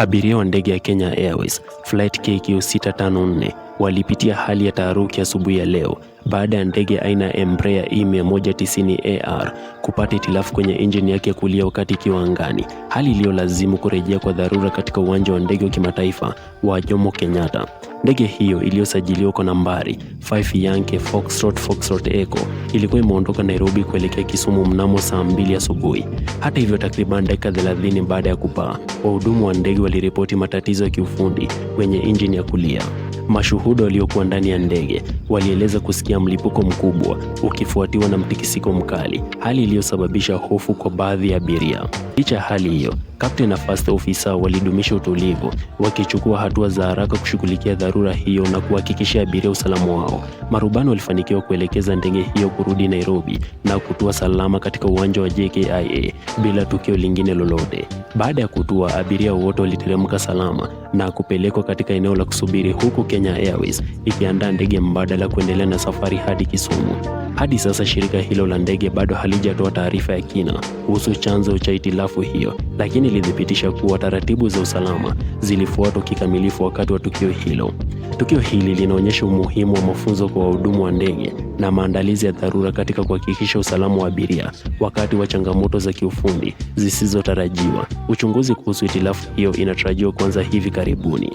abiria wa ndege ya Kenya Airways flight KQ 654 walipitia hali ya taharuki asubuhi ya, ya leo baada ya ndege aina ya Embraer E190 AR kupata itilafu kwenye injini yake ya kulia wakati ikiwa angani, hali iliyolazimu kurejea kwa dharura katika uwanja wa ndege wa kimataifa wa Jomo Kenyatta. Ndege hiyo iliyosajiliwa kwa nambari 5 Yankee Foxtrot Foxtrot Echo ilikuwa imeondoka Nairobi kuelekea Kisumu mnamo saa mbili asubuhi. Hata hivyo, takriban dakika 30 baada ya kupaa, wahudumu wa ndege waliripoti matatizo ya kiufundi kwenye injini ya kulia. Mashuhuda waliokuwa ndani ya ndege walieleza kusikia mlipuko mkubwa ukifuatiwa na mtikisiko mkali, hali iliyosababisha hofu kwa baadhi ya abiria. Licha ya hali hiyo, Kapteni na first officer walidumisha utulivu, wakichukua hatua za haraka kushughulikia dharura hiyo na kuhakikisha abiria usalama wao. Marubani walifanikiwa kuelekeza ndege hiyo kurudi Nairobi na kutua salama katika uwanja wa JKIA bila tukio lingine lolote. Baada ya kutua, abiria wote waliteremka salama na kupelekwa katika eneo la kusubiri, huku Kenya Airways ikiandaa ndege mbadala kuendelea na safari hadi Kisumu. Hadi sasa shirika hilo la ndege bado halijatoa taarifa ya kina kuhusu chanzo cha itilafu hiyo, lakini ilithibitisha kuwa taratibu za usalama zilifuatwa kikamilifu wakati wa tukio hilo. Tukio hili linaonyesha umuhimu wa mafunzo kwa wahudumu wa ndege na maandalizi ya dharura katika kuhakikisha usalama wa abiria wakati wa changamoto za kiufundi zisizotarajiwa. Uchunguzi kuhusu itilafu hiyo inatarajiwa kuanza hivi karibuni.